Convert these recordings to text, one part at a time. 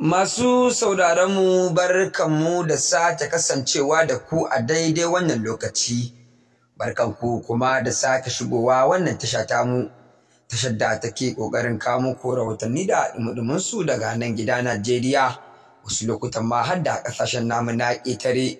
Masu sauraronmu barkanmu da sake kasancewa da ku a daidai wannan lokaci, barkanku kuma da sake shigowa wannan tasha tamu, tashar da take ƙoƙarin kamo ko rahotanni da ɗumuɗuminsu daga nan gida Najeriya, wasu lokutan ma har da ƙasashen namu na ƙetare.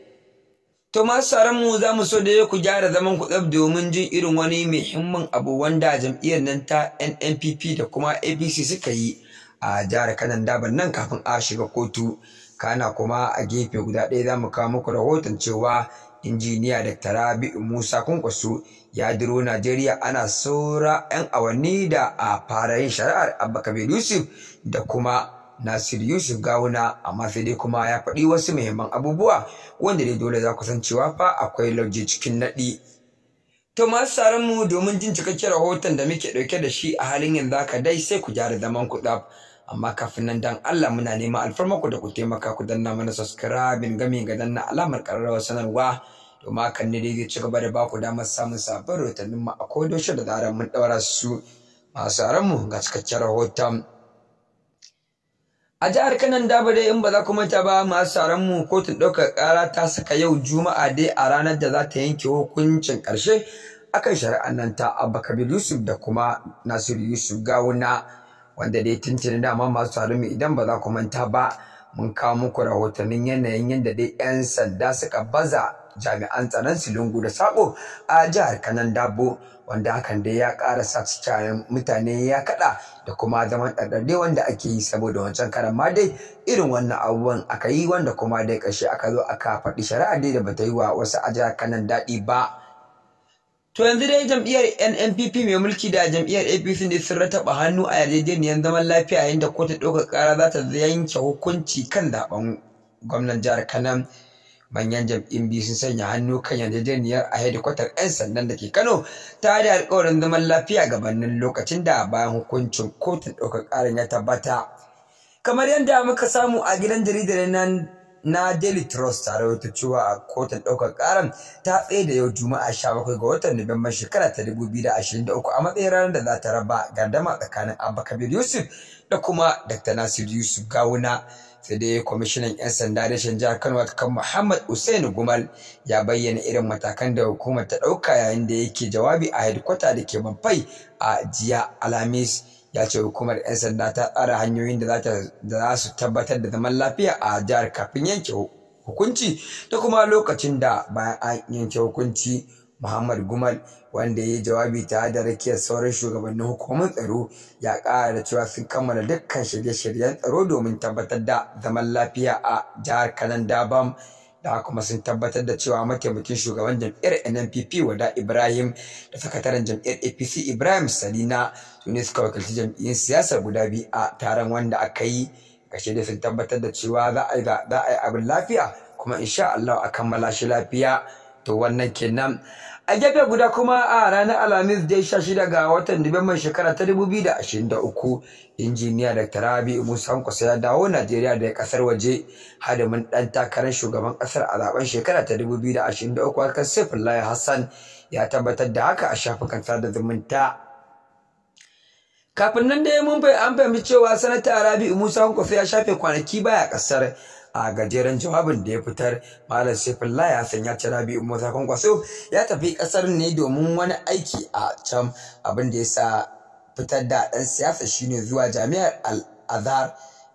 To masu mu za mu so da ku gyara zaman ku tsaf domin jin irin wani muhimmin abu wanda jam'iyyar nan ta NNPP da kuma APC suka yi. a jihar da daban nan kafin a shiga kotu kana kuma a gefe guda ɗaya za mu kawo muku rahoton cewa injiniya da rabi musa Kunkwaso ya diro najeriya ana saura awanni da a fara yin shari'ar abba kabir yusuf da kuma Nasir Yusuf Gawuna amma sai dai kuma ya faɗi wasu muhimman abubuwa wanda dai dole za ku san cewa fa akwai lauje cikin naɗi. To masu mu domin jin cikakken rahoton da muke ɗauke da shi a halin yanzu haka dai sai ku gyara zaman ku ɗaf. amma kafin nan dan Allah muna nema alfarmar ku da ku taimaka ku danna mana subscribing gamin ga danna alamar ƙararrawar sanarwa domin hakan ne dai zai ci gaba da ba ku damar samun sabbin rahotannin mu a kodoshe da zarar mun daura su masu mu ga cikakken rahoton. A jihar Kanan Daba dai in ba za ku manta ba masu mu kotun ɗaukar kara ta saka yau Juma'a dai a ranar da za ta yanke hukuncin ƙarshe akan shari'an nan ta Abba Yusuf da kuma Nasiru Yusuf Gawuna. wanda dai tuntuni dama masu salumi idan ba za ku manta ba mun kawo muku rahotannin yanayin yadda dai 'yan sanda suka baza jami'an tsaron silungu da sabo a jihar kanan dabo wanda hakan dai ya kara sa cikin mutane ya kaɗa da kuma zaman ɗaɗɗarɗe wanda ake yi saboda wancan karan ma dai irin wannan abubuwan aka yi wanda kuma dai ƙarshe aka zo aka faɗi shari'a dai da bata yi wa wasu a jihar kanan daɗi ba to yanzu dai jam'iyyar nnpp mai mulki da jam'iyyar apc ne sun rataba hannu a yarjejeniyar zaman lafiya yayin da kotun ɗaukar ƙara za ta yanke hukunci kan zaɓen gwamnan jihar kano manyan jam'iyyun biyu sun sanya hannu kan yarjejeniyar a hedikwatar 'yan sandan da ke kano ta da alƙawarin zaman lafiya gabanin lokacin da bayan hukuncin kotun ɗaukar ƙarin ya tabbata kamar yadda muka samu a gidan jaridar nan na Daily Trust ta cewa a kotun ɗaukar ƙaran ta tsaye da yau Juma'a 17 ga watan Nuwamban shekara ta 2023 a matsayin ranar da za ta raba gardama tsakanin Abba Kabir Yusuf da kuma Dr. Nasir Yusuf Gawuna. sai dai kwamishinan 'yan sanda rashin jihar kano kan muhammad Usain gumal ya bayyana irin matakan da hukumar ta ɗauka yayin da yake jawabi a hedikwata da ke mamfai a jiya alhamis ya ce hukumar 'yan sanda ta tsara hanyoyin da za su tabbatar da zaman lafiya a jihar kafin yanke hukunci da kuma lokacin da bayan an yanke hukunci muhammad gumal wanda ya yi jawabi ta da rakiyar sauran shugabannin hukumar tsaro ya ƙara da cewa sun kammala dukkan shirye-shiryen tsaro domin tabbatar da zaman lafiya a jihar kanan dabam da kuma sun tabbatar da cewa mataimakin shugaban jam'iyyar nnpp wada ibrahim da sakataren jam'iyyar apc ibrahim salina su ne suka wakilci jam'iyyun siyasar guda biyu a taron wanda aka yi kashe da sun tabbatar da cewa za a yi abin lafiya kuma insha allah a kammala shi lafiya to wannan kenan a gefe guda kuma a ranar alhamis dai sha shida ga watan nuwamban shekara ta dubu biyu da ashirin da uku injiniya dr rabi musa hankwasa ya dawo najeriya da kasar waje hadimin dan takarar shugaban kasar a zaben shekara ta dubu biyu da ashirin da uku akan saifullahi hassan ya tabbatar da haka a shafukan da zumunta kafin nan dai mun fahimci cewa sanata rabi musa hankwasa ya shafe kwanaki baya kasar a gajeren jawabin da ya fitar malam sefullah ya san ya ci rabi'u zakon kwankwaso ya tafi kasar ne domin wani aiki a can abin da ya sa fitar da ɗan siyasa shine zuwa jami'ar al-azhar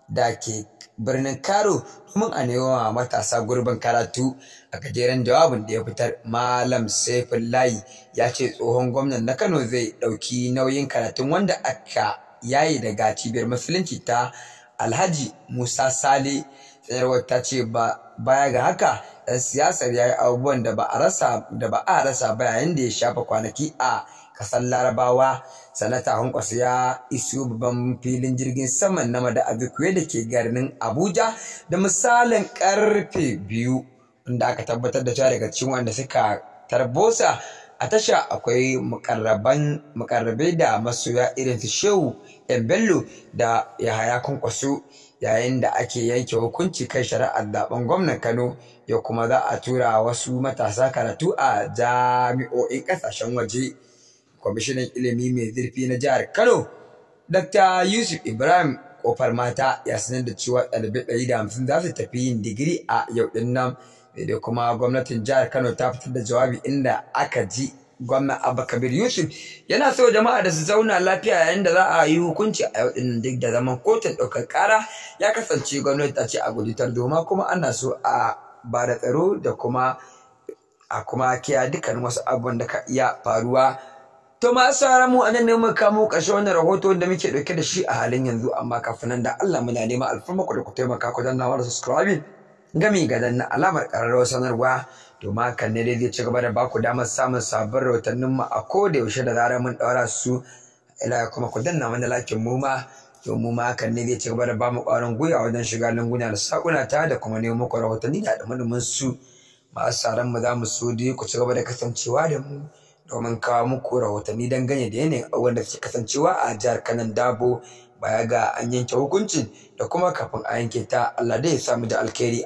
da ke birnin Karo domin a nema matasa gurbin karatu a gajeren jawabin da ya fitar Malam Saifullahi ya ce tsohon gwamnan na Kano zai ɗauki nauyin karatun wanda aka yaye daga cibiyar musulunci ta Alhaji Musa Sale tsayarwar ta ce ba baya ga haka ɗan siyasar ya yi abubuwan da ba a rasa ba yayin da ya shafa kwanaki a kasar larabawa sanata hankwas ya isu babban filin jirgin saman na mada abikuwe da ke garin abuja da misalin karfe biyu inda aka tabbatar da cewa daga cikin wanda suka tarbosa a tasha akwai mukarrabai da masoya irin su shehu yan bello da yahaya kwankwaso yayin da ake yanke hukunci kai shari'ar zaben gwamnan kano ya kuma za a tura wasu matasa karatu a jami'o'in kasashen waje kwamishinan ilimi mai zurfi na jihar kano dr yusuf ibrahim kofar mata ya sanar da cewa ɗalibai ɗari da hamsin za su tafi yin digiri a yau ɗin nan da kuma gwamnatin jihar kano ta fitar da jawabi inda aka ji gwamna abba kabir yusuf yana so jama'a da su zauna lafiya yayin da za a yi hukunci a yau ɗin duk da zaman kotun ɗaukar ƙara ya kasance gwamnati ta ce a gudutar doma kuma ana so a ba da tsaro da kuma a kuma kiya dukkan wasu abubuwan da ka iya faruwa To ma sauran mu anan ne mu kamo ƙarshe wannan rahoto da muke ɗauke da shi a halin yanzu amma kafin nan da Allah muna nema alfarma ku da ku taimaka ku danna mana subscribing gami ga danna alamar ƙararrawar sanarwa to ma kan ne dai zai ci gaba da ba ku damar samun sabbin rahotannin mu a ko da yaushe da zarar mun ɗaura su ila kuma ku danna mana lakin mu ma To mu ma kan ne zai ci gaba da ba mu ƙwarin gwiwa wajen shiga lunguna da saƙuna ta da kuma nemo muku rahotanni da ɗumaɗumin su masu sauran mu za mu so dai ku ci gaba da kasancewa da mu. domin kawo muku rahotanni dangane da yanayin abubuwan da suke kasancewa a jihar kanan dabo baya ga an yanke hukuncin da kuma kafin a yanke ta allah dai ya samu da alkhairi